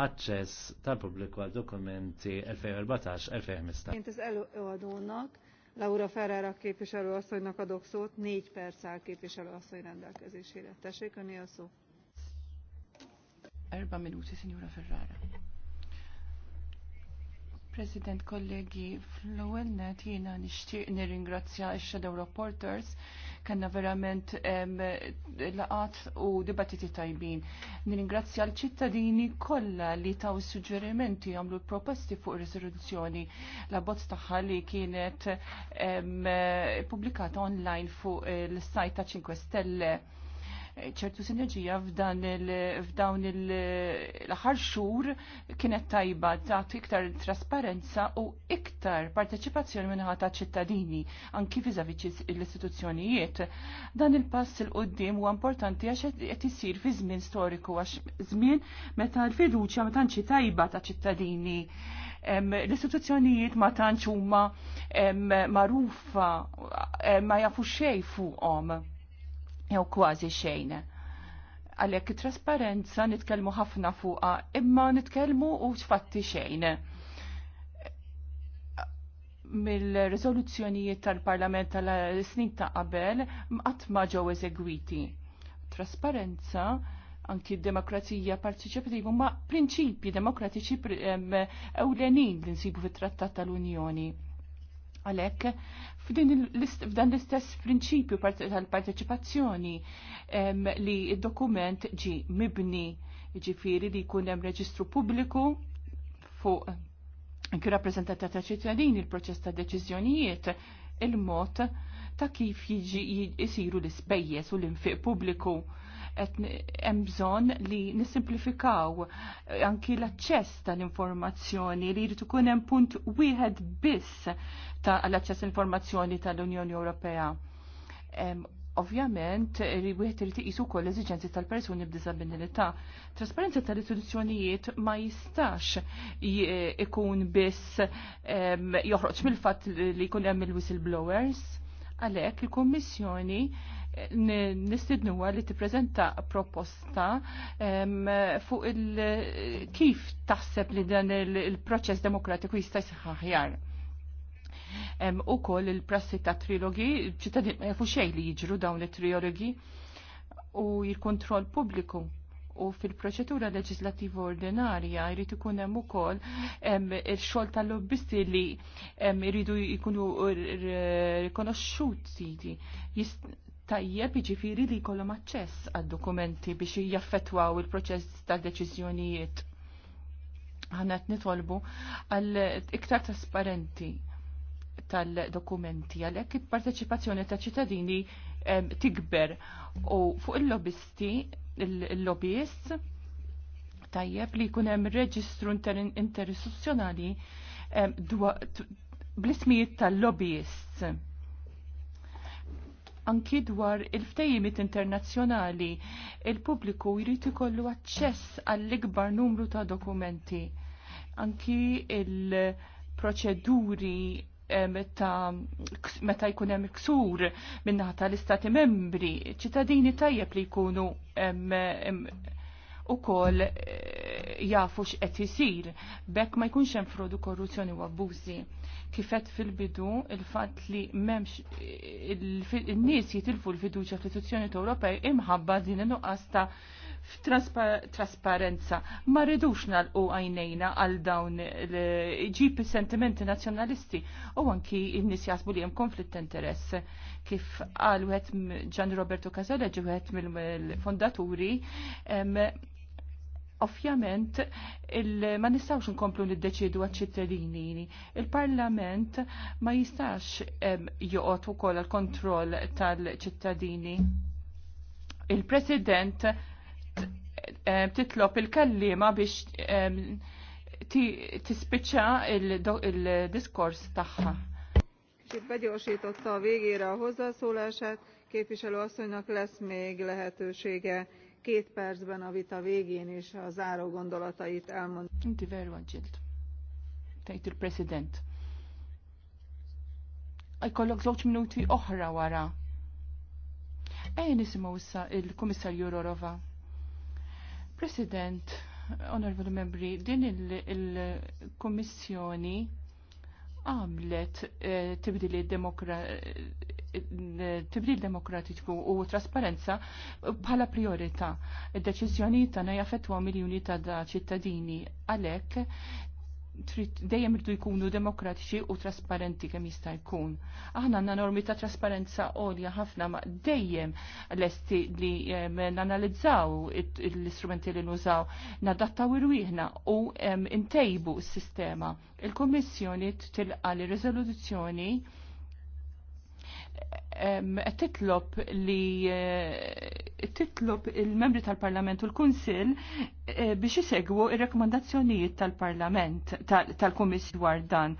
aċċess tal publiku għal dokumenti 2014-2015. Én az għadunak, Laura Ferrer a képviselő asszonynak adok szót, négy perc áll képviselő asszony rendelkezésére. Tessék, öné a szó. Erba minuti, signora Ferrara. President kollégi, fl-ewwel net jiena nixtieq nirringrazzja x-Shadow Reporters kanna verament laqat u dibattiti tajbin. Nirringrazzja l-ċittadini kollha li taw suġġerimenti għamlu l proposti fuq risoluzzjoni la bozz tagħha li kienet pubblikata online fuq l-sajt ta' 5 Stelle ċertu sinerġija f'dawn il aħħar xhur kienet tajba tagħti iktar trasparenza u iktar parteċipazzjoni minħa ta' ċittadini anki fiżaviċi l-istituzzjonijiet. Dan il-pass il qoddim huwa importanti għax qed isir fi żmien storiku għax żmien meta l-fiduċja ma tantx tajba ta' ċittadini. L-istituzzjonijiet ma tantx huma magħrufa ma jafu xejn fuqhom jew kważi xejn. Għalhekk it-trasparenza nitkellmu ħafna fuqha imma nitkellmu u x'fatti xejn. Mill-riżoluzzjonijiet tal-Parlament tal-snin ta' qabel qatt ma ġew eżegwiti. Trasparenza anki demokrazija partiċipativa huma prinċipji demokratiċi ewlenin li nsibu fit-Trattat tal-Unjoni Għalek, f'dan l-istess prinċipju tal-parteċipazzjoni li il-dokument ġi mibni ġifiri li jkun hemm reġistru pubbliku fuq anki rappresentata ta' ċittadini il-proċess ta' deċiżjonijiet il-mod ta' kif jiġi jisiru l-ispejjeż u l-infiq pubbliku hemm bżonn li nisimplifikaw eh, anki l-aċċess tal-informazzjoni li jrid ikun hemm punt wieħed biss tal-aċċess informazzjoni tal-Unjoni Ewropea. Ovvjament, wieħed irid iqisu wkoll eżiġenzi tal-persuni b'diżabilità. Trasparenza tal-istituzzjonijiet ma jistax eh, ikun biss joħroġ mill-fatt li jkun hemm il-whistleblowers. Għalhekk il-Kummissjoni nistidnu li tippreżenta proposta fuq il kif taħseb li dan il-proċess demokratiku jista' jsaħħaħjar. U koll il-prassi ta' trilogi, ċittadin ma jafu xej li jiġru dawn it-trilogi u jil-kontroll pubbliku u fil proċetura leġislativa ordinarja jrid ikun hemm ukoll il-xogħol tal-lobbisti li jridu jkunu rikonoxxuti tajjeb iġifiri li jkollhom aċċess għad-dokumenti biex jaffetwaw il-proċess ta' deċiżjonijiet. Ħanet nitolbu għal iktar trasparenti tal-dokumenti għalhekk il-parteċipazzjoni ta' ċittadini tikber u fuq il-lobbisti il-lobbyist tajjeb li jkun hemm reġistru interistituzzjonali bl-ismijiet tal-lobbyists anki dwar il-ftejimit internazzjonali. Il-pubbliku jrid ikollu aċċess għall-ikbar numru ta' dokumenti. Anki il-proċeduri meta jkun hemm iksur minnaħa tal-istati membri, ċittadini tajjeb li jkunu ukoll eh, jafu x'qed isir bekk ma jkunx hemm frodu korruzzjoni u abbużi kifet fil-bidu il-fat li memx il-nis jitilfu l-fiduċa fl-istituzzjoni Ewropej imħabba din nuqqas ta' trasparenza. Ma ridux nalqu għajnejna għal dawn ġib sentimenti nazjonalisti u anki n-nis jasbu li jem konflitt interess. Kif għal wet Gian Roberto Casale, wieħed mill-fondaturi Ovvjament, ma nistawx nkomplu niddeċidu għal-ċittadini. Il-Parlament ma jistax joqot ukoll għal-kontroll tal-ċittadini. Il-President titlob il-kallima biex tispiċċa il-diskors tagħha. Kicsit begyorsította a végére a hozzászólását, képviselő asszonynak lesz még lehetősége két percben a vita végén is a záró gondolatait elmond. Inti veru għagġilt. Tajt il-president. Għajkollok zoċ minuti oħra wara. Ej nisimaw issa il komissar Rorova. President, onorevoli membri, din il-komissjoni il, għamlet eh, eh, tibdil demokratiku u trasparenza bħala priorità. Id-deċizjoni ta' najafetwa miljuni ta' ċittadini għalhekk dejjem rridu jkunu demokratiċi u trasparenti kemm jista' jkun. Aħna għandna normi ta' trasparenza għolja ħafna ma' dejjem lesti li nanalizzaw l-istrumenti li nużaw, nadattaw irwieħna u intejbu s-sistema. Il-Kommissjoni tilqa li riżoluzzjoni titlob li eh, titlob il-membri tal-Parlament u l-Kunsil eh, biex jisegwu il-rekomandazzjonijiet tal-Parlament tal-Komissi dwar dan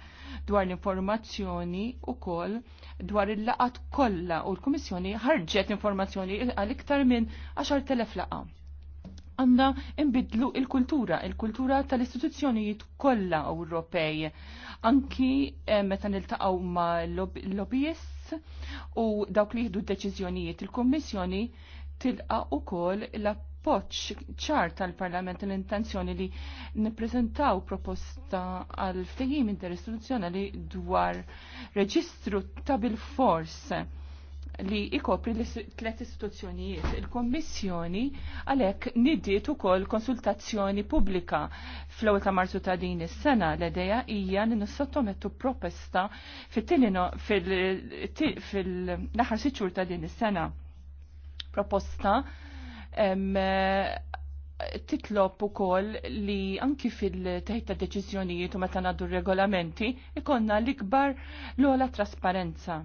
dwar l-informazzjoni u koll dwar il-laqat kollha u l-Kummissjoni ħarġet informazzjoni għal iktar minn 10,000 laqa. Għanda imbidlu il-kultura, il-kultura tal-istituzzjonijiet kollha Ewropej. Anki eh, meta niltaqgħu ma' l lobbyists u dawk li jihdu deċiżjonijiet il-Kummissjoni tilqa kol l poċ ċar tal-Parlament l-intenzjoni li nippreżentaw proposta għal ftehim interistituzzjonali dwar reġistru ta' bil-fors li ikopri li tlet istituzzjonijiet. Il-Kommissjoni għalek nidiet ukoll konsultazzjoni pubblika fl-ewwel ta' Marzu ta' din is-sena l idea hija li nissottomettu proposta fil-aħħar sitt xhur ta' din is-sena. Proposta titlob ukoll li anki fil-teħid ta' deċiżjonijiet u meta ngħaddu regolamenti ikonna l-ikbar l-ola trasparenza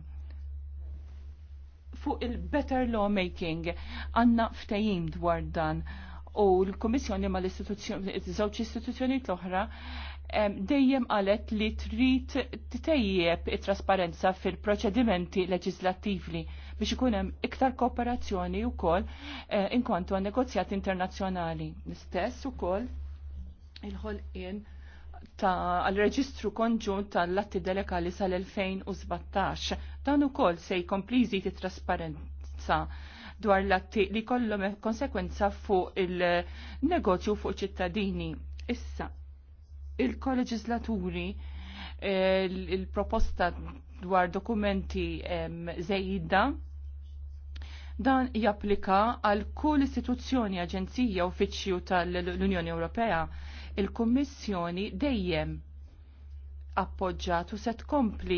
fuq il-better lawmaking. Għanna ftajim dwar dan u l-Komissjoni ma l-żewġ istituzzjoni l-oħra dejjem qalet li trid titejjeb it-trasparenza fil-proċedimenti leġislattivi biex ikun hemm iktar kooperazzjoni wkoll eh, inkontu għan negozjat internazzjonali. L-istess ukoll il-ħolqien għal-reġistru konġunt tal-latti delegali sal-2017. Dan ukoll se jkompli jżid it-trasparenza dwar latti li kollhom konsekwenza fuq il-negozju fuq ċittadini. Issa, il kolleġislaturi eh, il-proposta dwar dokumenti zejda dan japplika għal kull istituzzjoni, aġenzija, uffiċċju tal-Unjoni Ewropea il-Kummissjoni dejjem appoġġat u se tkompli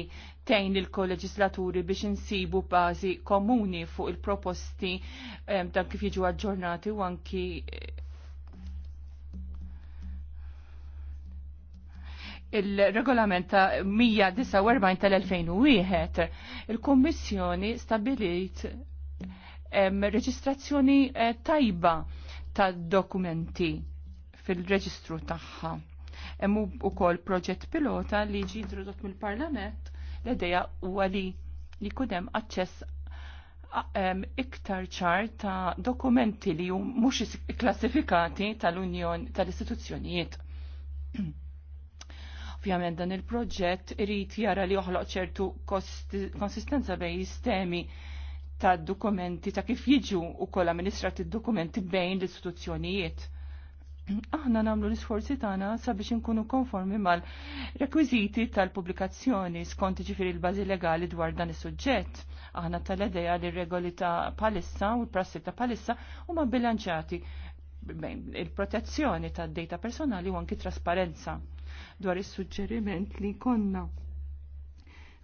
tejn il-kolleġislaturi biex insibu bażi komuni fuq il-proposti dan kif jiġu aġġornati u anki il-regolament ta' 149 tal-2001 il-Kommissjoni stabilit reġistrazzjoni eh, tajba tad dokumenti fil-reġistru tagħha. Hemm ukoll proġett pilota li jiġi introdott mill-Parlament l-idea huwa li jkun hemm aċċess iktar ċar ta' dokumenti li mhux klassifikati tal-Unjon tal-istituzzjonijiet. Ovvjament dan il-proġett irid jara li joħloq ċertu konsistenza bejn sistemi ta' dokumenti ta' kif jiġu u kol amministrati dokumenti bejn l-istituzzjonijiet aħna namlu l-isforzi tagħna sabiex inkunu konformi mal-rekwiżiti tal-pubblikazzjoni skont ġifieri l-bażi legali dwar dan is-suġġett. Aħna tal-edeja li regoli ta' palissa u l-prassi ta' palissa huma bilanċati il-protezzjoni tad dejta personali u anki trasparenza dwar is-suġġeriment li konna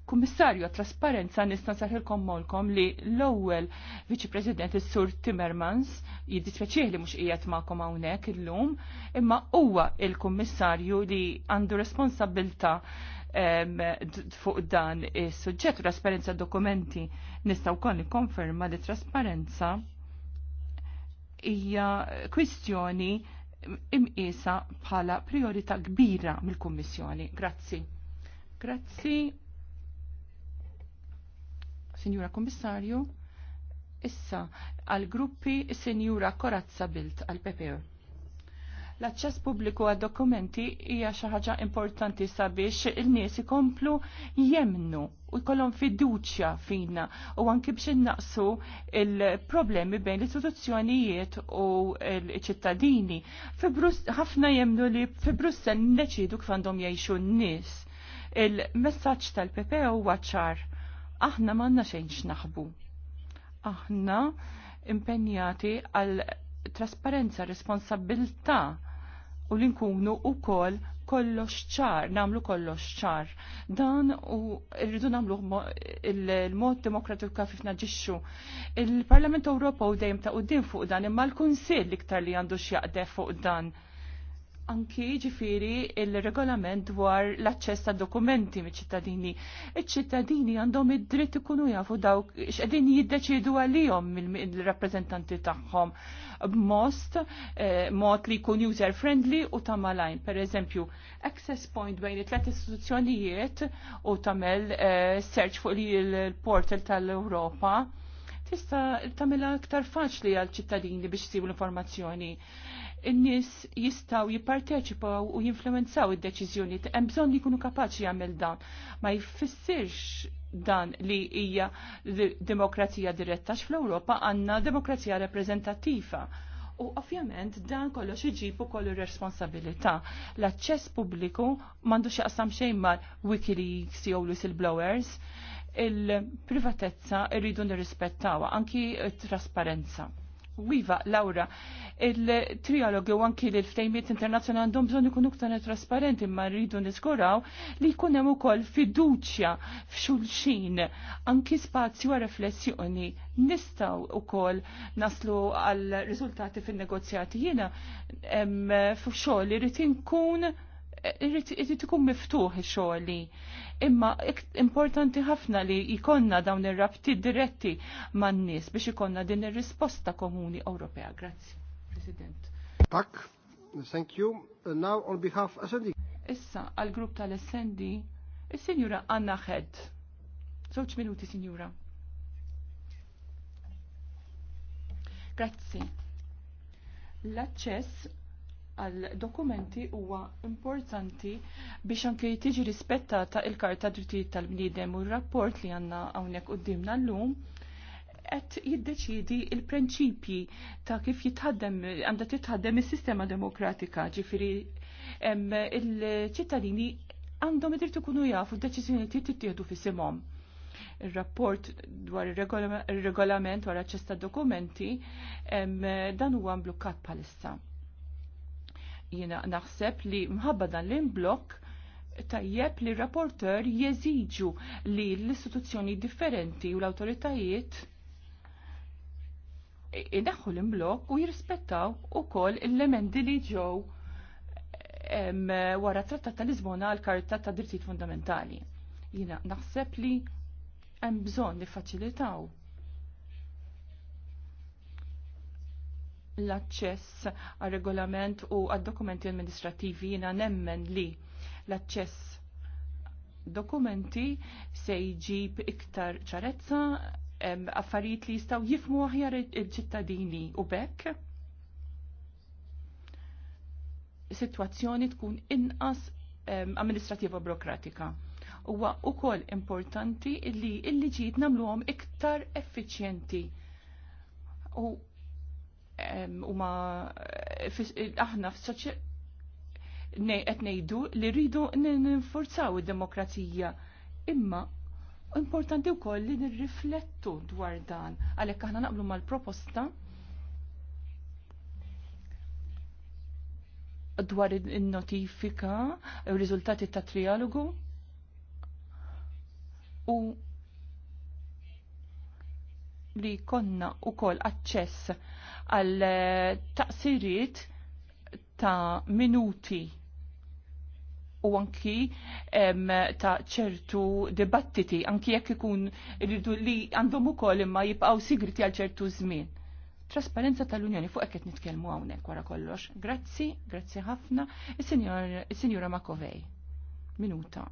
Kummissarju trasparenza nista' saħilkom molkom li l-ewwel Viċi President is-Sur Timmermans jiddispjaċih li mhux qiegħed magħkom hawnhekk illum, imma huwa il-Kummissarju li għandu responsabilta fuq dan is-suġġett trasparenza dokumenti nistgħu wkoll nikkonferma li trasparenza hija kwistjoni imqisa bħala priorità kbira mill-Kummissjoni. Grazzi. Grazzi Signora Kommissarju, issa għal gruppi Sinjura Korazza Bilt għal PPE. L-aċċess pubbliku għad dokumenti hija xi ħaġa importanti sabiex il-nies ikomplu jemnu u jkollhom fiduċja fina u anki biex innaqsu il-problemi bejn l-istituzzjonijiet u l-ċittadini. Ħafna jemnu li fi Brussel neċidu kif għandhom jgħixu n-nies il messaġġ tal-PP e huwa ċar aħna manna xejn xnaħbu. Aħna impenjati għal trasparenza, responsabilta u li nkunu u kol kollox ċar, namlu kollox ċar. Dan u rridu namlu il-mod demokratika kif naġixxu. Il-Parlament Ewropew dejjem ta' din fuq dan imma l-Kunsill iktar li għandu xjaqde fuq dan anki ġifiri il-regolament dwar l-access ta' dokumenti mit ċittadini. Iċ-ċittadini għandhom id-dritt ikunu jafu dawk x'qegħdin jiddeċidu għalihom mill rappreżentanti tagħhom b'most eh, mod li jkun user friendly u ta' malajn. Per eżempju, access point bejn it-tlet istituzzjonijiet u tagħmel eh, search fuq il-portal tal-Ewropa Issa tamela aktar faċli għal ċittadini biex sibu l-informazzjoni. In-nies jistaw jipparteċipaw u jinfluenzaw id-deċiżjoni, hemm bżonn li jkunu kapaċi jagħmel dan. Ma jfissirx dan li hija demokrazija diretta fl-Ewropa għandna demokrazija reprezentattiva. U ovvjament dan kollox iġib ukoll ir-responsabilità. L-aċċess pubbliku m'għandux jaqsam xejn mal Wikileaks jew whistleblowers. blowers il-privatezza irridu nirrispettawa, anki trasparenza. Wiva, Laura, il-trialogi u anki l-ftejmiet internazjonali għandhom bżonn ikunu aktar trasparenti imma rridu niskuraw li jkun hemm ukoll fiduċja f'xulxin anki spazju għal riflessjoni nistgħu ukoll naslu għal riżultati fin-negozjati jiena f'xogħol irid inkun irrid ikun miftuħ xogħli. Imma importanti ħafna li jkollna dawn ir-rabti diretti man-nies biex ikonna din ir-risposta komuni Ewropea. Grazzi, President. Tak, thank you. Now on behalf of SND. Issa għall grupp tal-SND, is-Sinjura Anna Head. Żewġ minuti, Sinjura. Grazzi. L-aċċess għal dokumenti huwa importanti biex anke tiġi rispettata il-Karta Drittijiet tal-Bniedem u r-rapport li għandna hawnhekk qudiemna llum qed jiddeċidi il-prinċipji ta' kif jitħaddem għandha titħaddem is-sistema demokratika, ġifieri il-ċittadini għandhom id ikunu jafu d-deċiżjoni li tittieħdu fisimhom il-rapport dwar il-regolament wara ċesta dokumenti, dan huwa mblukkat palissa. Jiena naħseb li mħabba dan l-imblok tajjeb li rapporter jeżiġu li l-istituzzjoni differenti u l-autoritajiet idaħħu l-imblok u jirrispettaw u kol l lemendi li ġew wara trattat ta' Lisbona għal karta ta' drittijiet fundamentali. Jina naħseb li hemm bżonn li faċilitaw l-aċċess għal regolament u għad dokumenti amministrativi jina nemmen li l-aċċess dokumenti se jġib iktar ċarezza affarijiet li jistaw jifmu aħjar il-ċittadini u bekk situazzjoni tkun inqas amministrativa burokratika. Huwa wkoll importanti li l-liġijiet nagħmluhom iktar effiċjenti u huma eh, eh, aħna qed ngħidu li rridu n-forzaw id-demokrazija. Imma importanti wkoll li nirriflettu dwar dan għalhekk aħna naqblu mal-proposta dwar il-notifika, il-rizultati ta' trialogu u li konna u koll access għal eh, taqsiriet ta' minuti u anki em, ta' ċertu dibattiti, anki jekk ikun li għandhom ukoll imma jibqgħu sigriti għal ċertu żmien. Trasparenza tal-Unjoni fuq qed nitkellmu hawnhekk wara kollox. Grazzi, grazzi ħafna. Is-Sinjura Makovej. Minuta.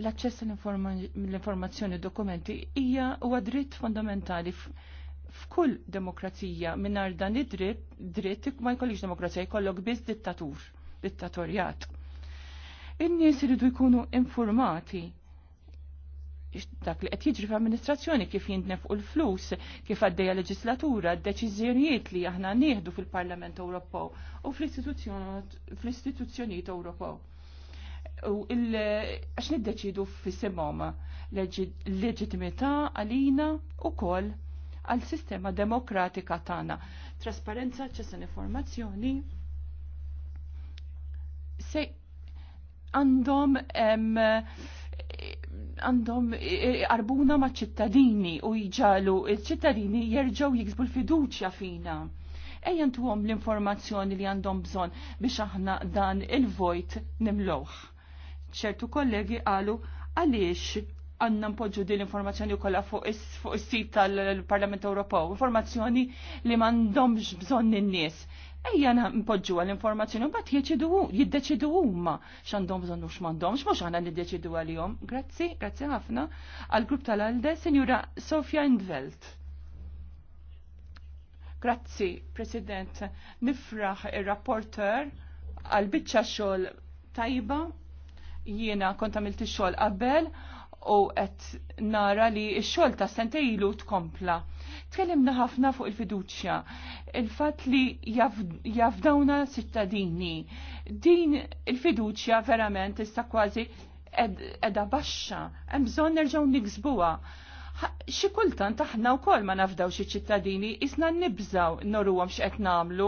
l-aċċess l-informazzjoni dokumenti hija huwa dritt fondamentali f'kull demokrazija mingħajr dan id-dritt dritt ma jkollix demokrazija jkollok biss dittatur, dittatorjat. In-nies iridu jkunu informati dak li qed jiġri fl-amministrazzjoni kif jintnefqu l-flus, kif għaddejja leġislatura, d-deċiżjonijiet li aħna nieħdu fil-Parlament Ewropew u fl-istituzzjonijiet Ewropew u għax niddeċidu fissimom leġitimità għalina u koll għal sistema demokratika tagħna. Trasparenza, ċessan informazzjoni se għandhom għandhom e, arbuna ma' ċittadini u jġalu il-ċittadini jerġgħu jiksbu l-fiduċja fina ejjen tuhom l-informazzjoni li għandhom bżonn biex aħna dan il-vojt nimlowħ. ċertu kollegi qalu għaliex għanna npoġġu din l-informazzjoni kollha fuq is-sit tal-Parlament Ewropew, informazzjoni li m'għandhomx bżonn in-nies. Ejja npoġġu għall-informazzjoni u mbagħad jiddeċidu jiddeċidu huma x'għandhom bżonn u x'm'għandhomx, mhux aħna niddeċidu għalihom. Grazzi, grazzi ħafna għall-grupp tal-Alde, Sinjura Sofja Indvelt. Grazzi, President. Nifraħ il-rapporter għal-bicċa xol tajba. Jiena kont milti xol qabel u qed nara li x-xogħol ta' sentejlu tkompla. Tkellimna ħafna fuq il-fiduċja, il-fatt li jafdawna sittadini. Din il-fiduċja verament issa kważi edha baxxa, hemm bżonn nerġgħu niksbuha xi kultant aħna wkoll ma nafdaw xi ċittadini isna nibżaw norruhom x'qed nagħmlu.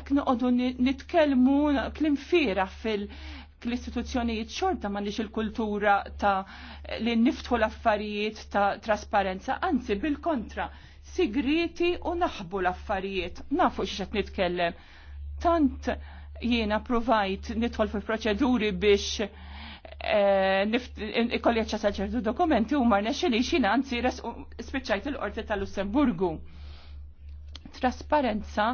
Ek noqogħdu nitkellmu klim fira fil- l-istituzzjonijiet xorta m'għandix il-kultura ta' li niftħu l-affarijiet ta' trasparenza, anzi bil-kontra, sigriti u naħbu l-affarijiet. Nafu x'qed nitkellem. Tant jiena provajt nidħol fil proċeduri biex Eh, ikolli ċasal ċertu dokumenti u marna xili xina għanzi spiċċajt il-qorti tal-Lussemburgu. Trasparenza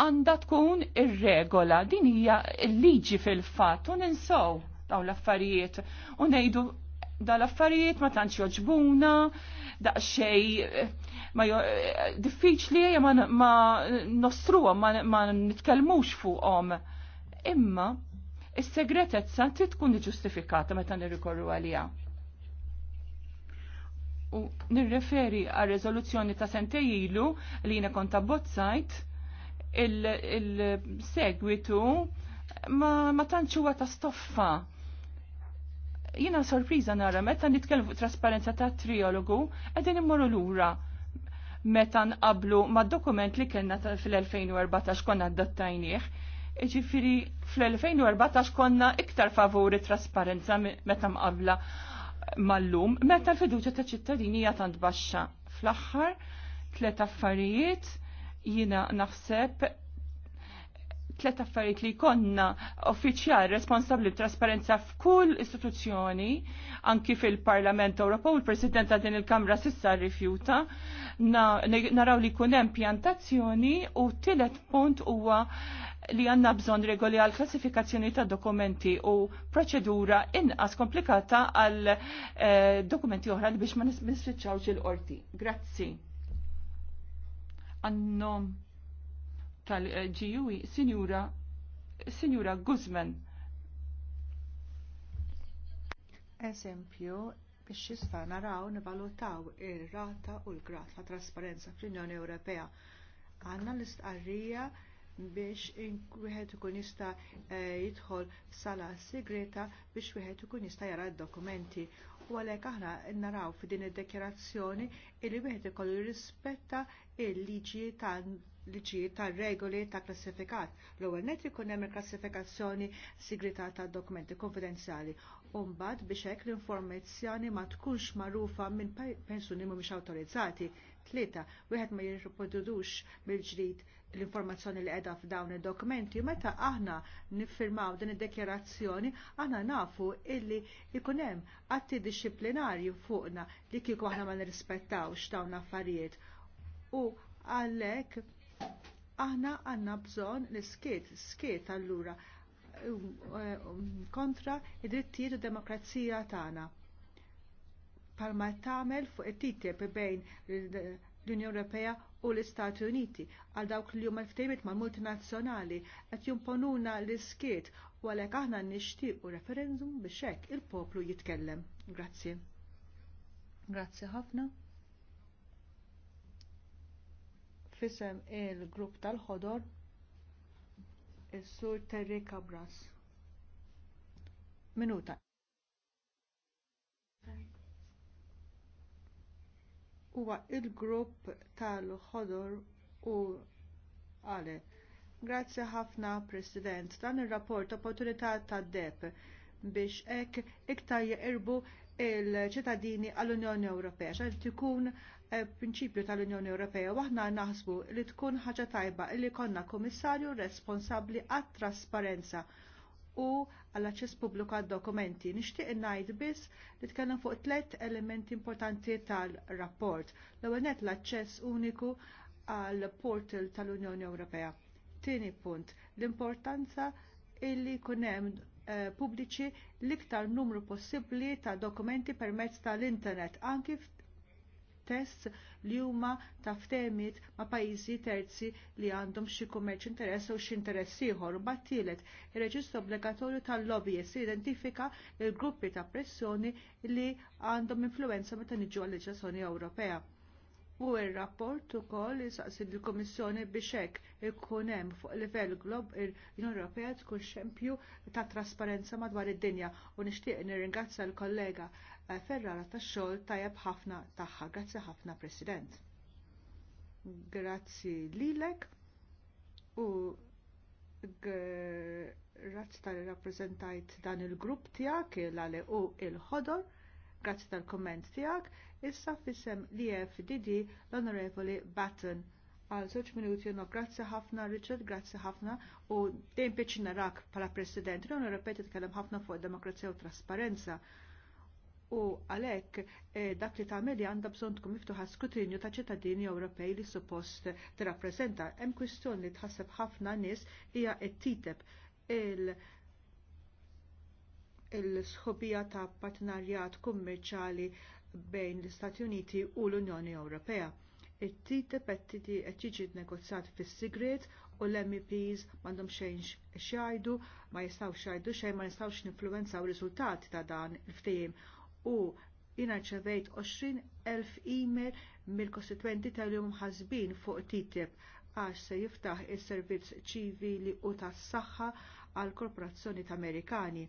għanda tkun ir-regola, din hija l-liġi fil-fatt u ninsow dawn l-affarijiet u ngħidu daw l-affarijiet ma tantx joġbuna, daqsxej eh, ma eh, diffiċli ma, nostruhom ma, ma nitkellmux fuqhom. Imma Is-segretezza trid tkun ġustifikata meta nirrikorru għaliha. U nirreferi għal riżoluzzjoni ta' sentej ilu li jiena kont abbozzajt il-segwitu ma, ma tantx huwa ta' stoffa. Jiena sorpriża nara meta nitkellmu fuq trasparenza ta' triologu qegħdin immorru lura meta nqablu ma' dokument li kellna fil-2014 konna adattajnieh Ġifiri, fl-2014 konna iktar favuri trasparenza meta mqabla mal-lum, meta l-fiduċa ta' ċittadini hija tant baxxa. Fl-aħħar, tlet affarijiet jina naħseb tlet affarijiet li konna uffiċjal responsabbli trasparenza f'kull istituzzjoni, anki fil-Parlament Ewropew, il-President ta' din il-Kamra sissa rrifjuta, naraw li kun hemm pjantazzjoni u tielet punt huwa li għanna bżon regoli għal klassifikazzjoni ta' dokumenti u proċedura inqas komplikata għal eh, dokumenti oħra li biex ma nisfiċċawx il-qorti. Grazzi. Għannom tal-GUE, Sinjura Sinjura Guzman. Esempju, biex jista' naraw nivalutaw ir-rata u l grat ta' trasparenza fl-Unjoni Ewropea. Għandna l-istqarrija biex wieħed ikun jista' eh, jidħol sala segreta biex wieħed ikun jista' jara d-dokumenti. U għalhekk aħna naraw f'din id dekjarazzjoni li wieħed ikollu jirrispetta l liġi liġi tar regoli ta' klassifikat. L-ewwel net ikun hemm il-klassifikazzjoni sigrita ta' dokumenti konfidenzjali. u mbagħad biex hekk l-informazzjoni ma tkunx magħrufa minn persuni mhumiex awtorizzati. Tlieta, wieħed ma jirriprodux bil ġrid l-informazzjoni li qiegħda f'dawn id-dokumenti meta aħna niffirmaw din id dekjarazzjoni aħna nafu illi ikun hemm atti disciplinarji fuqna li kieku aħna ma nirrispettawx dawn l affarijiet. U għalhekk aħna għanna bżon l-skiet, skiet allura um, um, kontra id-drittijiet u demokrazija tagħna. Palma tagħmel fuq it-titjeb bejn l-Unjoni Ewropea u l-Istati Uniti għal dawk li huma ftejbit mal multinazzjonali qed jimponuna l-iskiet u għalhekk aħna nixtiequ referendum biex hekk il-poplu jitkellem. Grazzi. Grazzi ħafna. fisem il-grupp tal-ħodor is-sur Terri Cabras. Minuta. Huwa il-grupp tal-ħodor u għale. Grazzi ħafna, President. Dan ir rapport opportunità tad DEP biex hekk iktar jeqirbu l ċittadini għall-Unjoni Ewropea, tikun Eh, prinċipju tal-Unjoni Ewropea waħna naħsbu li tkun ħaġa tajba li konna komissarju responsabbli għat trasparenza u għall aċċess pubbliku għad dokumenti. Nixtieq ngħid biss li tkellem fuq tliet elementi importanti tal-rapport. L-ewwel nett l-aċċess uniku għall portal tal-Unjoni Ewropea. Tieni punt, l-importanza illi jkun hemm eh, pubbliċi l-iktar numru possibbli ta' dokumenti permezz tal-internet anki tests li huma ta' ftehimiet ma' pajjiżi terzi li għandhom xi kummerċ interess u xi interess ieħor. Battilet, ir-reġistru obbligatorju tal-lobbyist identifika il-gruppi ta' pressjoni li għandhom influenza meta niġu għal-leġislazzjoni Ewropea. U r-rapport ukoll jisaqsi l-Komissjoni biex hekk ikun hemm fuq livell glob l-Unjoni Ewropea tkun xempju ta' trasparenza madwar id-dinja u nixtieq nirringrazzja l-kollega Ferrara tax-xogħol tajjeb ħafna tagħha. Grazzi ħafna President. Grazzi lilek u grazzi tal rappresentajt dan il-grupp tiegħek il-għale u il-ħodor. Grazzi tal kumment tiegħek. Issa fissem li FDD l-Onorevoli Batten għal żewġ minuti no grazzi ħafna Richard, grazzi ħafna u dejjem biċċina narak bħala President. L-Unjoni Ewropea ħafna fuq demokrazija u trasparenza u għalhekk eh, dak li tagħmel għandha bżonn tkun miftuħa skrutinju ta' ċittadini Ewropej li suppost tirrappreżenta. Hemm kwistjoni li tħasseb ħafna nies hija qed titeb il il-sħobija ta' partnerjat kummerċali bejn l-Istati Uniti u l-Unjoni Ewropea. It-titeb qed tiġi negozjat fis-sigret u l-MEPs m'għandhom xejn xajdu, ma jistgħux jgħidu xejn ma jistgħux ninfluwenzaw riżultati ta' dan il-ftehim u jina ċevejt 20.000 e-mail mill-kostituenti tal-jum ħazbin fuq TTIP għax se jiftaħ is servizz ċivili u tas saħħa għall korporazzjoni ta' Amerikani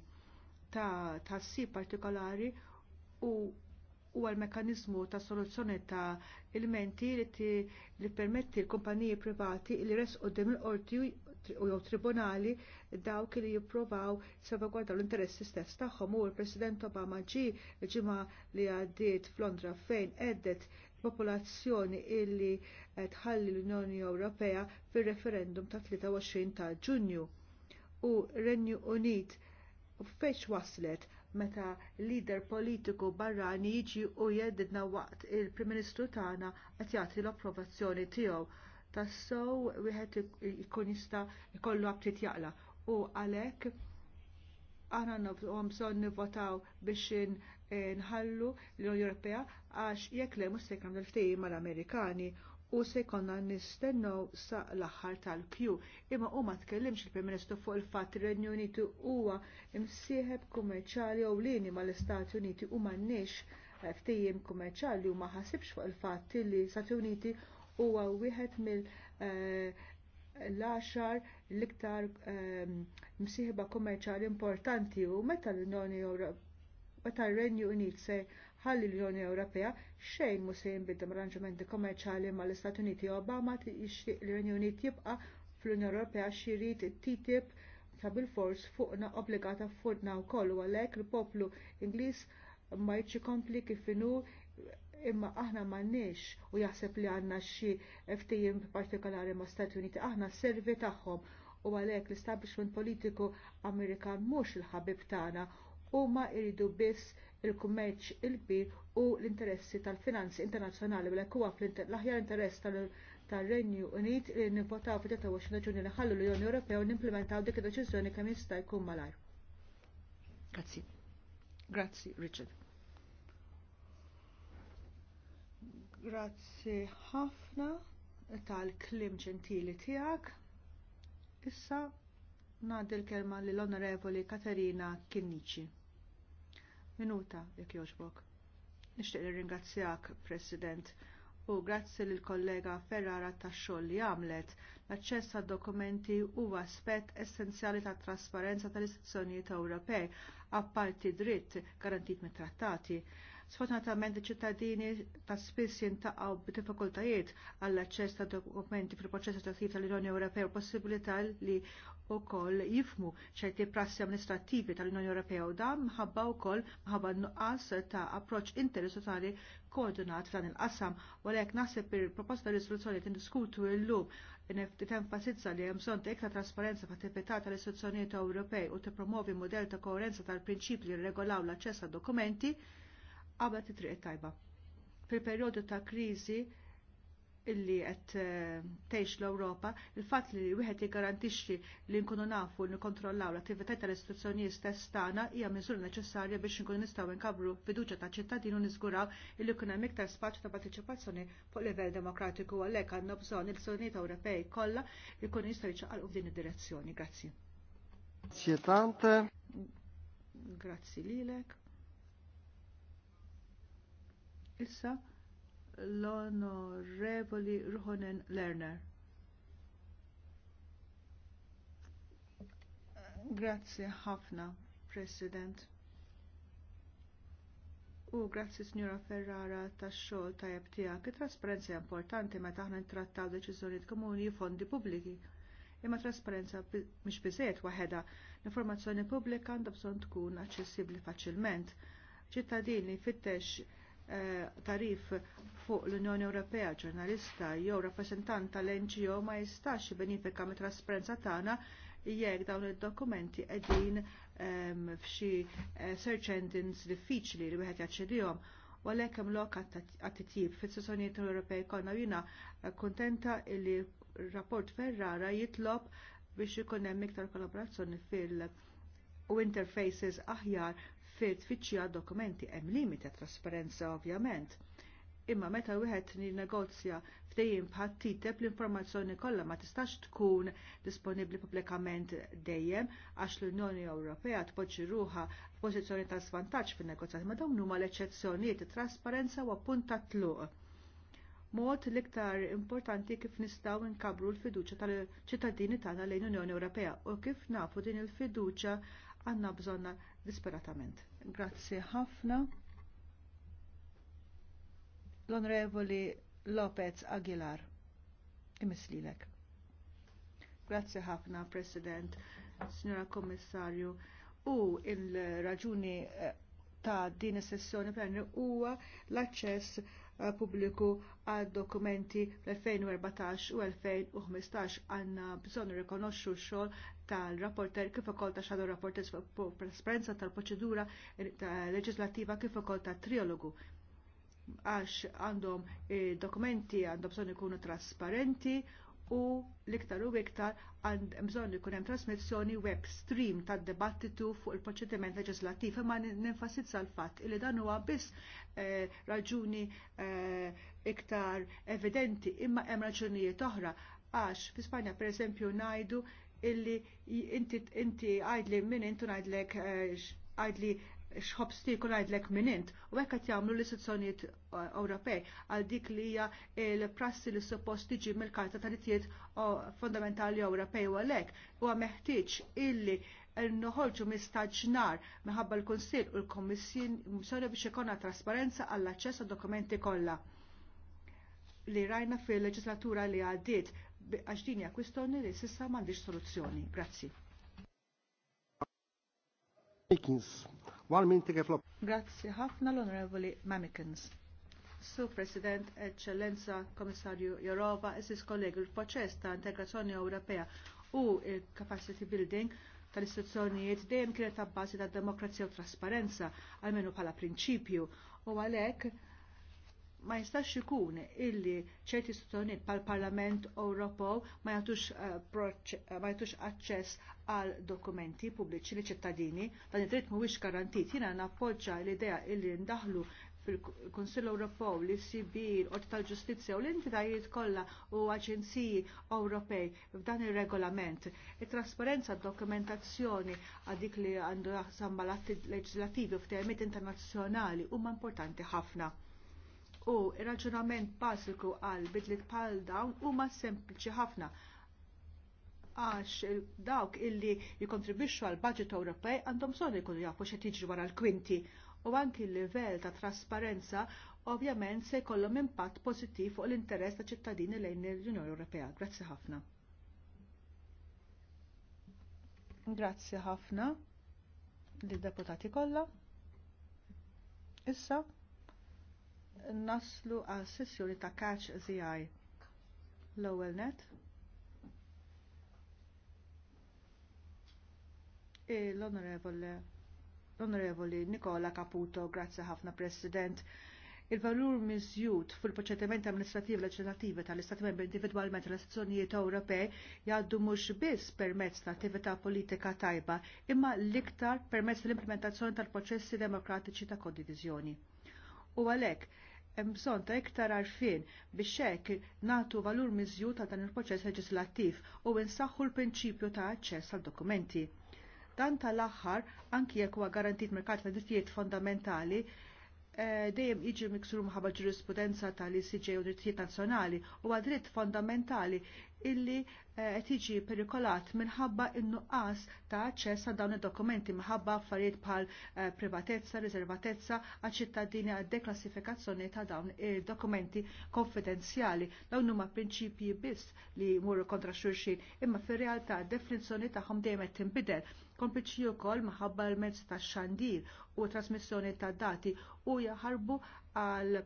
ta' tassi partikolari u u għal mekanizmu ta' soluzzjoni ta' ilmenti li, permetti l-kumpaniji privati li resqu dim il-qorti u jew tribunali dawk li jipprovaw salvagwardaw l-interessi stess tagħhom u l-President Obama ġie ġimgħa li għaddiet f'Londra fejn għeddet popolazzjoni illi tħalli l-Unjoni Ewropea fir-referendum ta' 23 ta' Ġunju. U Renju Unit feċ waslet meta leader politiku barrani jiġi u jedidna waqt il-Prim Ministru tagħna qed jagħti l-approvazzjoni tiegħu tassow wieħed ikun jista' jkollu aptit jaqla u għalhekk aħna għom bżonn nivvotaw biex nħallu l-Unjoni Ewropea għax jekk le mhux se jkun l-ftehim mal-Amerikani u se jkollna nistennew sa l-aħħar tal-kju. Imma huma ma tkellimx il-Prim Ministru fuq il-fatt li renju Uniti huwa imsieħeb kummerċjali u lini mal-Istati Uniti u m'għandniex ftejim kummerċjali u ma ħasibx fuq il-fatt li Stati Uniti huwa wieħed mill eh, l-għaxar l-iktar ehm, msieħba kummerċjali importanti u meta l-Unjoni Ewropea meta r-Renju Unit se ħalli l-Unjoni Ewropea xejn mhu se jinbidem arranġamenti kummerċjali mal-Istati Uniti Obama jixtieq l renju Unit jibqa' fl-Unjoni Ewropea xi jrid TTIP ta' bilfors fuqna obbligata fuqna wkoll u għalhekk il-poplu Ingliż ma jitx ikompli kif inhu imma aħna m'għandniex u jaħseb li għandna xi ftehim partikolari ma' Stati Uniti, aħna servi tagħhom u għalhekk l-establishment politiku Amerikan mhux il-ħabib tagħna huma jridu biss il-kummerċ il-kbir u l-interessi tal-finanzi internazzjonali u l huwa l-aħjar interess tal-Renju Unit li nivvotaw fit-23 ġunju li ħallu l-Unjoni Ewropea u nimplementaw dik id-deċiżjoni kemm jista' jkun malajr. Grazzi. Grazzi, Richard. Grazzi ħafna tal-klim ġentili tiegħek. Issa ngħaddi l-kelma lill onorevoli Katerina Kinnici. Minuta jekk jogħġbok. Nixtieq nirringrazzjak, President, u grazzi lill kollega Ferrara tax-xogħol li għamlet. L-aċċess għad dokumenti huwa aspett essenzjali tat trasparenza tal-istituzzjonijiet Ewropej, apparti dritt garantit mit-trattati Sfortunatament iċ-ċittadini ta' spiss jintaqgħu b'diffikultajiet għall-aċċess ta' dokumenti fil-proċess legislativ tal-Unjoni Ewropea u possibilità li wkoll jifmu ċerti prassi amministrattivi tal-Unjoni Ewropea u dan mħabba wkoll mħabba nuqqas ta' approċċ interistituzzjonali koordinat dan il-qasam u għalhekk naħseb il-proposta risoluzzjoni tindiskutu llum tenfasizza li hemm bżonn ta' iktar trasparenza f'attività tal-istituzzjonijiet Ewropej u tippromovi mudell ta' koerenza tal-prinċipji li regolaw l-aċċess għad dokumenti Qabel it-triq tajba. Fil-perjodu ta' kriżi illi qed eh, tgħix l-Ewropa, il-fatt li wieħed jiggarantixxi li nkunu nafu li nikkontrollaw l-attività tal-istituzzjonijiet stess tagħna hija miżura neċessarja biex nkunu nistgħu nkabru fiduċja ta' ċittadini u niżguraw li jkun hemm iktar spazju ta' partiċipazzjoni fuq livell demokratiku għalhekk għandna bżonn il-Sunijiet Ewropej kollha jkunu jistgħu jiċċaqalqu f'din id-direzzjoni. Grazzi. Grazzi lilek. Issa l-Onorevoli Ruhonen Lerner. Grazzi ħafna, President. U grazie Signora Ferrara tax xogħol tajjeb tiegħek. It-trasparenza importanti meta aħna nittrattaw deċiżjonijiet komuni fondi pubbliki. Imma trasparenza mhix biżejjed waħedha. L-informazzjoni pubblika għandha bżonn tkun aċċessibbli faċilment. Ċittadini fittex Eh, tarif fuq l-Unjoni Ewropea ġurnalista jew rappresentant tal-NGO ma jistax benifika mit trasparenza tagħna jekk dawn id-dokumenti qegħdin ehm, f'xi eh, search engines diffiċli li wieħed jaċċedihom u għalhekk hemm lok għat-titjib fis-sessjonijiet Ewropej konna jiena kuntenta li rapport Ferrara jitlob biex ikun hemm iktar kollaborazzjoni fil- u interfaces aħjar fit tfittxija dokumenti hemm limita trasparenza ovvjament. Imma meta wieħed negozja f'dejjem bħal titeb l-informazzjoni kollha ma tistax tkun disponibbli pubblikament dejjem għax l-Unjoni Ewropea tpoġġi ruħha f'pożizzjoni ta' svantaġġ fin-negozjat ma dawn huma l-eċċezzjonijiet trasparenza u appunta tluq. Mod l-iktar importanti kif nistgħu nkabru l-fiduċja tal-ċittadini tagħna lejn Unjoni Ewropea u kif nafu din il-fiduċja għandna bżonna disperatament. Grazzi ħafna. L-Onorevoli Lopez Aguilar. Imislilek. Grazzi ħafna, President, Signora Kommissarju. U il-raġuni eh, ta' din is-sessjoni plenarja huwa l-aċċess Eh, pubbliku għad dokumenti fl 2014 u 2015 għanna bżon x xogħol tal-rapporter kif ukoll ta' xadu rapporters fuq esperjenza tal-proċedura leġislattiva kif ukoll ta' triologu għax għandhom eh, dokumenti għandhom bżonn ikunu trasparenti u l-iktar u iktar għand bżonn ikun hemm trasmissjoni web stream tad dibattitu fuq il-proċediment leġislattiv imma nenfasizza l-fatt li dan huwa biss eh, raġuni eh, iktar evidenti imma hemm raġunijiet oħra għax fi Spanja pereżempju ngħidu illi inti għajdli min intu ngħidlek eh, għajdli xħobstiku najdlek minint u hekk qed jagħmlu l-istituzzjonijiet uh, Ewropej għal dik li hija l-prassi li suppost tiġi mill-Karta tal rittijiet uh, Fundamentali Ewropej u għalhekk u meħtieġ illi noħolġu mistaġnar minħabba l konsil u l-Kommissjoni biex ikonna trasparenza għall-aċċess għad dokumenti kollha li rajna fil-leġislatura li għaddiet għax din hija kwistjoni li s'issa m'għandix soluzzjoni. Grazzi. Mamikins. One minute flop. Grazie ħafna l-Onorevoli Mamikins. Su President, Eccellenza, Komissarju Jorova, Esis kollegi, il-proċess ta' integrazzjoni Ewropea u il-capacity building tal-istituzzjonijiet dejjem kienet ta' bażi ta' demokrazija u trasparenza, għalmenu bħala prinċipju. U għalhekk ma jistax ikun illi ċerti istituzzjonijiet pal Parlament Ewropew eh, eh, ma jagħtux aċċess għal dokumenti pubbliċi li ċittadini dan id-dritt mhuwiex garantit. Jiena nappoġġa l-idea illi ndaħlu fil-Kunsill Ewropew li CB, l-Qorti tal-Ġustizzja u l-entitajiet kollha u aġenziji Ewropej f'dan ir-regolament. It-trasparenza d-dokumentazzjoni għal dik li għandu samba l-atti leġislativi f'temiet internazzjonali huma importanti ħafna u r raġunament basiku għal bidlit bħal dawn huma sempliċi ħafna għax dawk illi jikkontribwixxu għal budget Ewropej għandhom bżonn ikunu jafu xi tiġri wara l-kwinti u anki l-livell ta' trasparenza ovvjament se jkollhom impatt pożittiv fuq l-interess ta' ċittadini lejn l-Unjoni Ewropea. Grazzi ħafna. Grazzi ħafna lid deputati kollha. Issa, naslu għal sessjoni ta' kaċ ZI. L-ewwel net. E l-onorevole l-onorevoli Nicola Caputo, grazzi ħafna President. Il-valur miżjud fil-proċedimenti amministrativi leġislattivi tal-Istati membri individwalment l-istituzzjonijiet Ewropej jgħaddu mhux biss permezz ta' attività politika tajba, imma l-iktar permezz l-implementazzjoni tal-proċessi demokratiċi ta' kodiviżjoni. U għalhekk hemm bżonn ta' iktar għarfien biex hekk nagħtu valur miżjud ta' dan il-proċess leġislattiv u nsaħħu l-prinċipju ta' aċċess għal dokumenti. Dan tal-aħħar anki jekk huwa garantit mill-Karta tad Drittijiet Fondamentali Eh, dejjem iġi miksur maħba ġurisprudenza tal-ICJ u drittijiet nazzjonali u għadritt fondamentali illi eh, qed jiġi perikolat minħabba in-nuqqas ta' aċċess għal dawn id-dokumenti minħabba affarijiet bħal eh, privatezza, riservatezza għaċ-ċittadini għad deklassifikazzjoni ta' dawn id-dokumenti konfidenzjali. Dawn huma prinċipji biss li jmuru kontra xulxin, imma fir-realtà d definizzjoni tagħhom dejjem qed tinbidel kompliċi wkoll maħabba l-mezz tax xandir u t trasmissjoni ta' dati u jaħarbu għal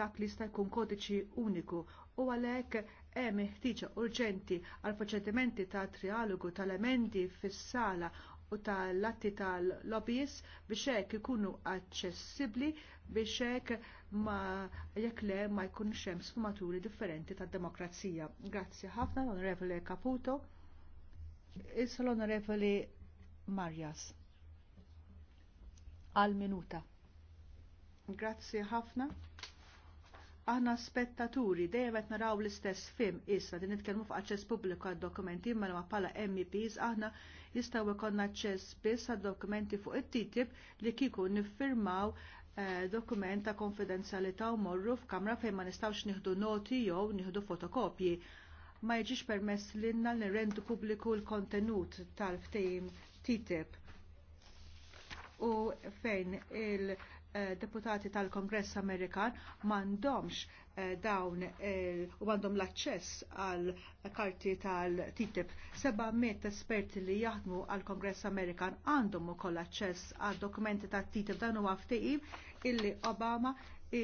dak li jista' jkun kodiċi uniku u għalhekk hemm ħtiġa urġenti għal proċedimenti ta' trialogu tal-elementi fis-sala u tal-atti tal-lobbies biex hekk ikunu aċċessibbli biex hekk ma jekk le ma jkunx hemm sfumaturi differenti tad-demokrazija. Grazzi ħafna l-Onorevoli Caputo. Is-Onorevoli Marjas. Għal minuta. Grazzi ħafna. Aħna spettaturi dejjem qed naraw l-istess film issa din nitkellmu fuq aċċess pubbliku għad-dokumenti imma ma bħala MEPs aħna jistgħu jkollna aċċess biss għad-dokumenti fuq it-TTIP li kieku niffirmaw eh, dokument ta' konfidenzjalità u morru f'kamra fejn ma nistgħux nieħdu noti jew nieħdu fotokopji ma jiġix permess l-inna l-rendu pubbliku l-kontenut tal-ftejim TTIP u fejn il-deputati tal-Kongress Amerikan mandomx eh, dawn u għandhom l-access għal karti tal-TTIP. Seba met esperti li jaħdmu għal Kongress Amerikan għandhom u koll access għal dokumenti tal-TTIP dan u għaftiqim illi Obama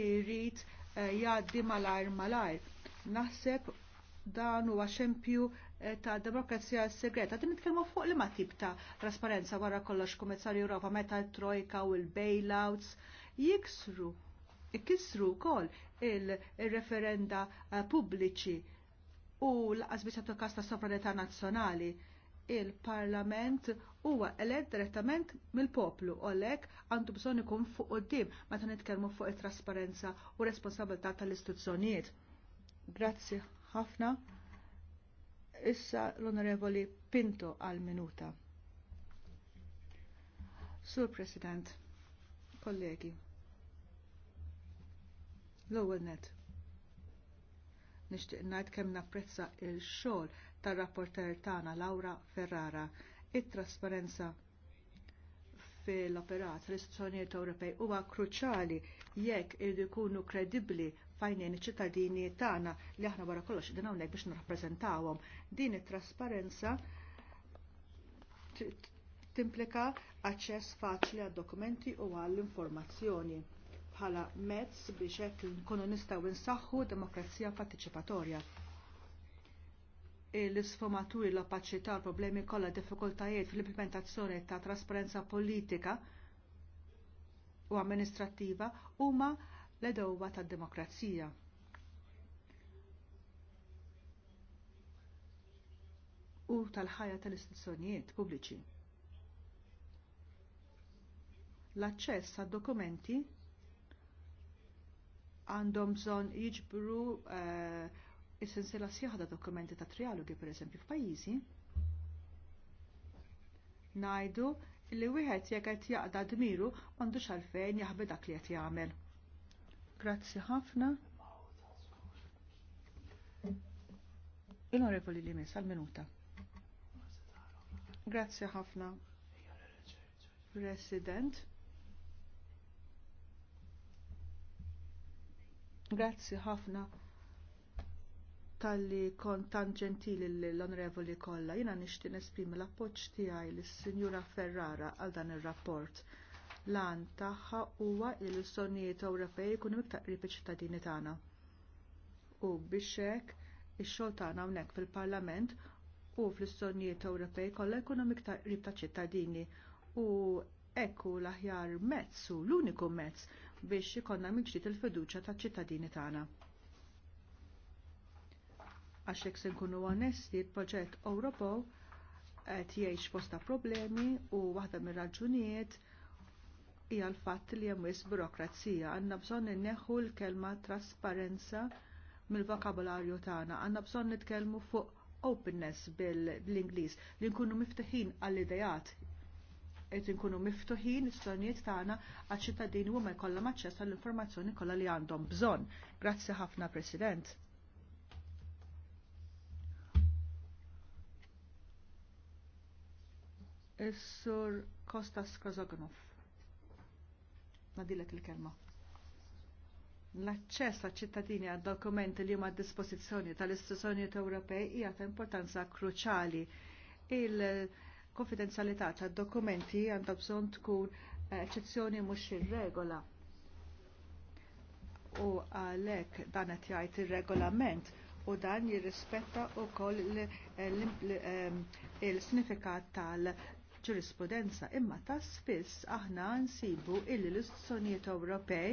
irrit eh, jaddi malajr malajr. Naħseb dan huwa xempju Eh, ta' demokrazija segreta. Din nitkellmu fuq li ma' tip ta' trasparenza wara kollox kummissarju Europa meta trojka u l-bailouts jiksru, ikisru kol il-referenda eh, pubbliċi u l-qasbisa ta' kasta sovranità nazzjonali il-parlament huwa elett direttament mill-poplu u għalhekk għandu bżonn ikun fuq quddiem meta nitkellmu fuq it-trasparenza u responsabilità tal-istituzzjonijiet. Grazzi ħafna. Issa l-Onorevoli Pinto għal minuta. Sur President, kollegi, l-ewwel net. Nixtieq ngħid kemm napprezza il-xogħol tar-rapporter tagħna Laura Ferrara it-trasparenza fil-operat l-istituzzjonijiet Ewropej huwa kruċjali jekk irid ikunu kredibbli fajnejn iċ-ċittadini tagħna li aħna wara kollox din hawnhekk biex nirrappreżentawhom. Din it-trasparenza timplika aċċess faċli għad-dokumenti u għall-informazzjoni bħala mezz biex hekk nkunu nistgħu nsaħħu demokrazija partiċipatorja. L-isfumaturi l-opaċità l-problemi kollha diffikultajiet fl-implementazzjoni ta' trasparenza politika u amministrattiva huma l-edowa tad-demokrazija. u tal-ħajja tal-istituzzjonijiet pubbliċi. L-aċċess għad dokumenti għandhom bżonn jiġbru uh, is-sensiela sjaħda dokumenti ta' trialogi pereżempju f'pajjiżi. Ngħidu li wieħed jekk qed jaqda dmiru m'għandux għalfejn jaħbi dak li qed jagħmel. Grazzi ħafna. Il-onorevoli li mis, għal-minuta. Grazzi ħafna. President. Grazzi ħafna tal-li kont tant ġentili l-onorevoli kollha. Jina nishti nesprimi l-appoġġ tiegħi lis-Sinjura Ferrara għal dan ir-rapport lan tagħha huwa li l-sonijiet Ewropej jkunu iktar qrib iċ-ċittadini tagħna. U biex hekk ix-xogħol tagħna hawnhekk fil-Parlament u fl-istornijiet Ewropej kollha jkunu iktar qrib ċittadini u hekk hu l-aħjar mezz u l-uniku mezz biex minn ġdid il-fiduċja taċ ċittadini tagħna. Għax jekk se nkunu onesti l-proġett Ewropew qed jgħix problemi u waħda mir-raġunijiet hija l-fatt li hemm wisq burokrazija. Għandna bżonn inneħħu l-kelma trasparenza mill-vokabolarju tagħna. Għandna bżonn nitkellmu fuq openness bil-Ingliż li nkunu miftuħin għall-idejat qed inkunu miftuħin is-sonijiet tagħna għaċ-ċittadini huma jkollhom aċċess għall-informazzjoni kollha li għandhom bżonn. Grazzi ħafna President. Is-Sur Kostas Krazognov nadilek il-kelma. L-aċċess għal ċittadini għad dokumenti li huma dispożizzjoni tal-istituzzjonijiet Ewropej hija ta' importanza kruċali. Il-konfidenzjalità tad dokumenti għandha bżonn tkun eċċezzjoni mhux ir-regola. U għalhekk dan qed jgħid ir-regolament u dan jirrispetta wkoll eh, il sinifikat tal- ġurisprudenza imma ta' spiss aħna nsibu illi l-istituzzjonijiet Ewropej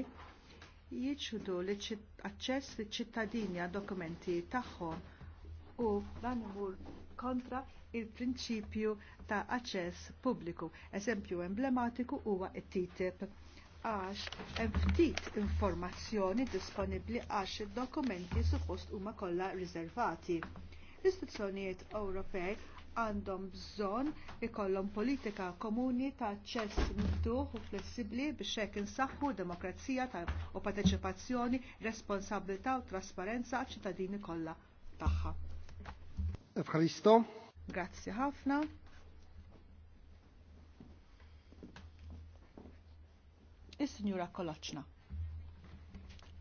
jiġu l-aċċess fiċ ċittadini għad dokumenti tagħhom u dan imur kontra il-prinċipju ta' aċċess pubbliku. Eżempju emblematiku huwa t ttip għax hemm ftit informazzjoni disponibbli għax id-dokumenti suppost huma kollha riservati. L-istituzzjonijiet Ewropej għandhom bżonn ikollhom politika komuni ta' aċċess miftuħ u flessibbli biex hekk insaħħu demokrazija u parteċipazzjoni, responsabilità u trasparenza ċittadini kollha tagħha. Evkaristo. Grazzi ħafna. Is-Sinjura Koloċna.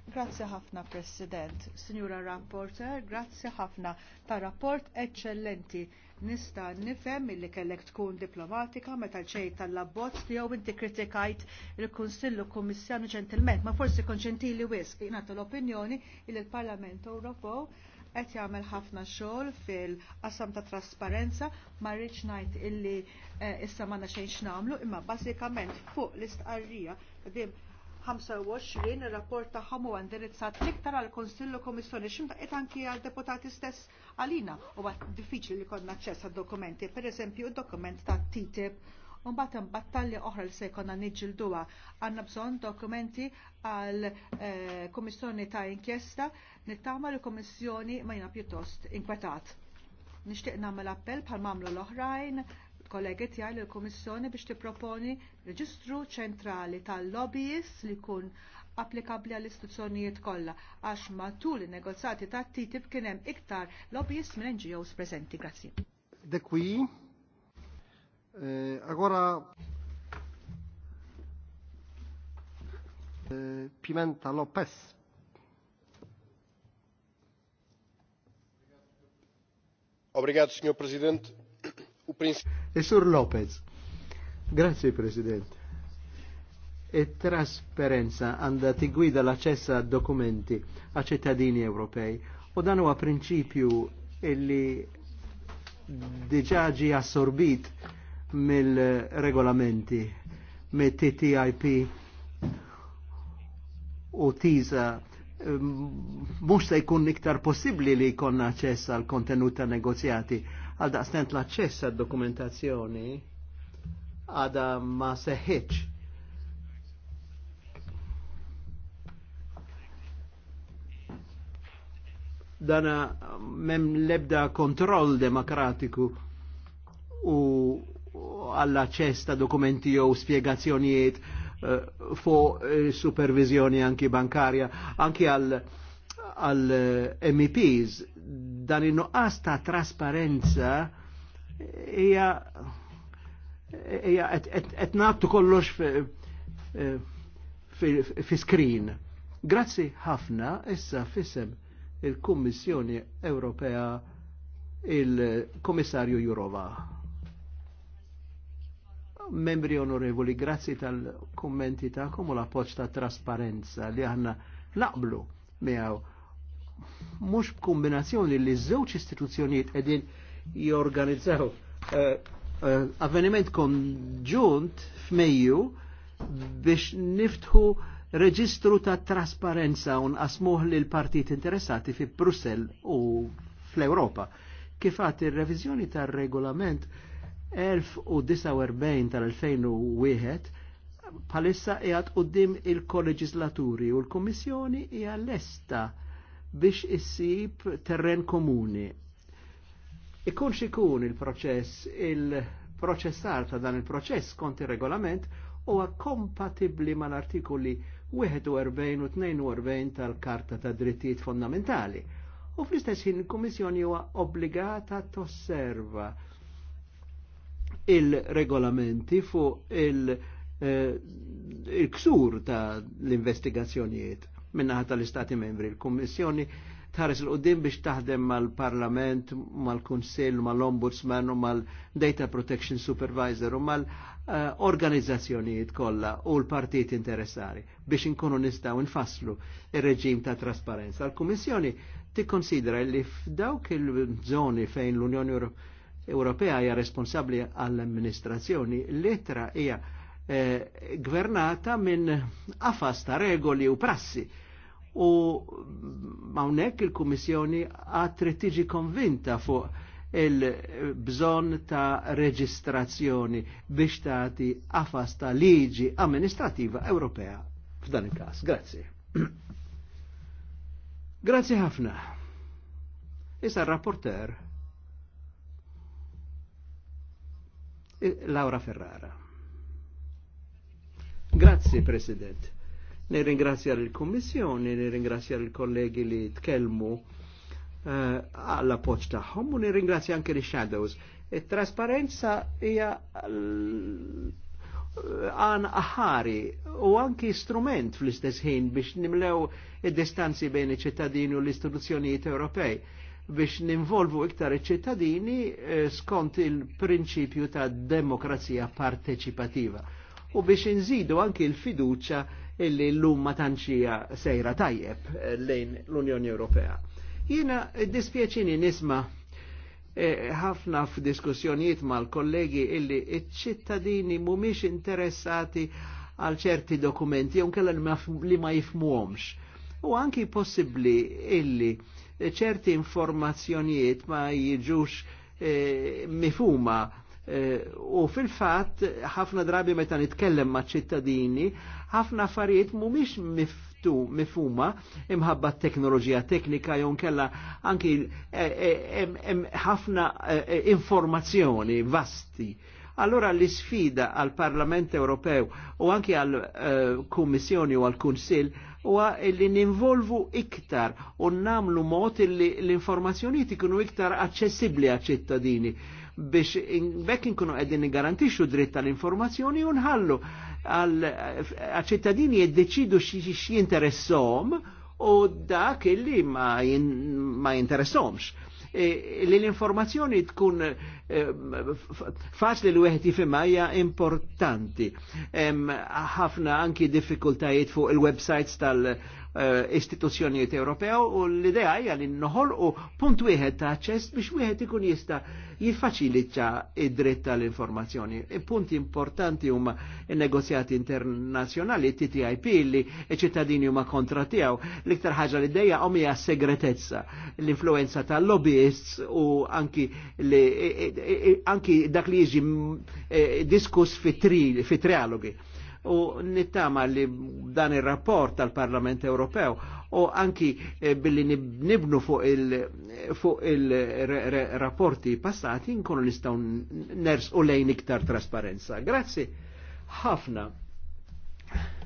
Grazzi ħafna President, Signora Rapporter, grazzi ħafna ta' rapport eccellenti. Nista' nifhem illi kellek tkun diplomatika meta ċejt tal-abbozz li jew inti kritikajt il-Kunsill u Kummissjoni ġentilment, ma forsi kon ġentili wisq jiena l opinjoni li l-Parlament Ewropew qed jagħmel ħafna xogħol fil-qasam ta' trasparenza ma rridx ngħid illi eh, issa ma xejn x'nagħmlu imma bażikament fuq l-istqarrija qegħdin. 25 ir-rapport tagħhom huwa indirizzat l-iktar għal konsillu Komissjoni x'imtaqgħet anki għal deputati stess għalina u għad diffiċli li konna ċess għad dokumenti, pereżempju d-dokument ta' TTIP Unbat hemm battalja oħra li se jkollna niġġilduha. Għandna bżonn dokumenti għal eh, kummissjoni ta' inkjesta nittama li kummissjoni ma jina pjuttost inkwetat. Nixtieq nagħmel appell bħal mamlu l-oħrajn kollegi tiegħi lill kummissjoni biex tipproponi reġistru ċentrali tal-lobbyist li jkun applikabbli għall istituzzjonijiet kollha għax matul in-negozjati ta' ttip kien hemm iktar lobbyist minn NGOs preżenti. Grazzi. De qui eh, agora eh, Pimenta Lopez. Obrigado, Sr. Presidente Isur e Lopez. Grazie Presidente. E-trasparenza għanda guida l-aċċess għad dokumenti cittadini europei o danno a principio e li diġaġi assorbit mill-regolamenti mill-TTIP u TISA mux se jkun iktar possibli li jkonna ċess għal kontenut negozjati Għal daqstent l-aċċess għad dokumentazzjoni għada ma seħħitx. Dana mem lebda kontrol demokratiku u għalla ċesta dokumenti u spiegazzjonijiet eh, fuq eh, supervizjoni anki bankarja, anki għal għal eh, MEPs dan in-nuqqas ta' trasparenza hija qed nagħtu kollox fi screen. Grazzi ħafna issa fisem il-Kummissjoni Ewropea il-Komissarju Jurova. Membri onorevoli, grazzi tal-kommenti ta' u l-appoċ ta' trasparenza li aħna naqblu miegħu mhux b'kombinazzjoni li ż-żewġ istituzzjonijiet qegħdin jorganizzaw eh, eh, avveniment konġunt f'Mejju biex niftħu reġistru ta' trasparenza un asmuħ l partit interessati fi Brussel u fl-Europa. Kifat ir-reviżjoni tar-regolament 1049 tal-2001 palissa jgħat u il-kolleġislaturi u l-Komissjoni hija lesta biex issib terren komuni. Ikun xikun il-proċess, il-proċessar ta' dan il-proċess kont regolament huwa kompatibli mal-artikoli 41 u 42 tal-Karta ta' Drittijiet Fondamentali. U fl-istess ħin il-Kummissjoni huwa obbligata tosserva il-regolamenti fuq eh, il-ksur il ta' l-investigazzjonijiet minnaħa tal-Istati membri. l kommissjoni tħares l-qoddim biex taħdem mal-Parlament, mal-Kunsill, mal-Ombudsman u mal-Data Protection Supervisor u mal-organizzazzjonijiet kollha u l-partijiet interessari biex inkunu nistaw nfasslu il reġim ta' trasparenza. L-Kummissjoni tikkonsidra li f'dawk il-żoni fejn l-Unjoni Ewropea hija responsabbli għall-amministrazzjoni, l-ittra hija eh, gvernata minn afas ta' regoli u prassi u hawnhekk il-Kummissjoni għad trid tiġi konvinta fuq il-bżon ta' reġistrazzjoni biex tagħti qafas ta' liġi amministrativa Ewropea f'dan il-każ. Grazie. Grazie ħafna. Issa rapporter Laura Ferrara. Grazie President. Nirringrazzja l-Kommissjoni, nirringrazzja l-kollegi li tkellmu eh, għall appoġġ tagħhom u nirringrazzja anke li shadows It-trasparenza hija għan aħari u anki strument fl-istess ħin biex nimlew id-distanzi bejn iċ-ċittadini u l-istituzzjonijiet Ewropej biex ninvolvu iktar iċ-ċittadini eh, skont il-prinċipju ta' demokrazija parteċipativa u biex nżidu anki il fiduċa illi l-lum ma tantxija sejra tajjeb eh, lejn l-Unjoni Ewropea. Jiena dispjaċini nisma eh, ħafna eh, f'diskussjonijiet mal-kollegi illi iċ-ċittadini mhumiex interessati għal ċerti dokumenti jew kellha li ma jifmuhomx. U anki possibbli illi ċerti informazzjonijiet ma jiġux eh, mifuma Eh, u fil-fat, ħafna drabi meta nitkellem ma' ċittadini, ħafna affarijiet mhumiex miftu mifuma imħabba teknoloġija teknika jew kella anki eh, eh, ħafna informazzjoni vasti. Allora l-isfida għal Parlament Ewropew u anki għal Kummissjoni u għal kunsill huwa li ninvolvu iktar u namlu mod li l-informazzjoni ikunu iktar aċċessibbli għal ċittadini biex bekk inkunu qegħdin garantixu dritt tal-informazzjoni unħallu għal-ċittadini jeddeċidu jiddeċidu x'jinteressom u dak illi ma, ma jinteressomx. E, li l-informazzjoni tkun e, faċli li wieħed jifhimha hija importanti. Ħafna anki diffikultajiet fuq il-websites tal- Eh, istituzzjonijiet Ewropew u l-idea hija li u punt wieħed ta' aċċess biex wieħed ikun jista' jiffaċilita id-dritt tal-informazzjoni. Punti importanti huma n-negozjati internazzjonali TTIP li ċittadini huma kontra tiegħu l-iktar ħaġa li dejja hom hija segretezza, l-influenza tal-lobbyists u anki anki dak li jiġi eh, diskuss fit trialogi u nittama li dan il-rapport tal-Parlament Ewropew u anki eh, billi nibnu fuq il-rapporti il passati nkunu nistaw ners u lejn iktar trasparenza. Grazzi ħafna.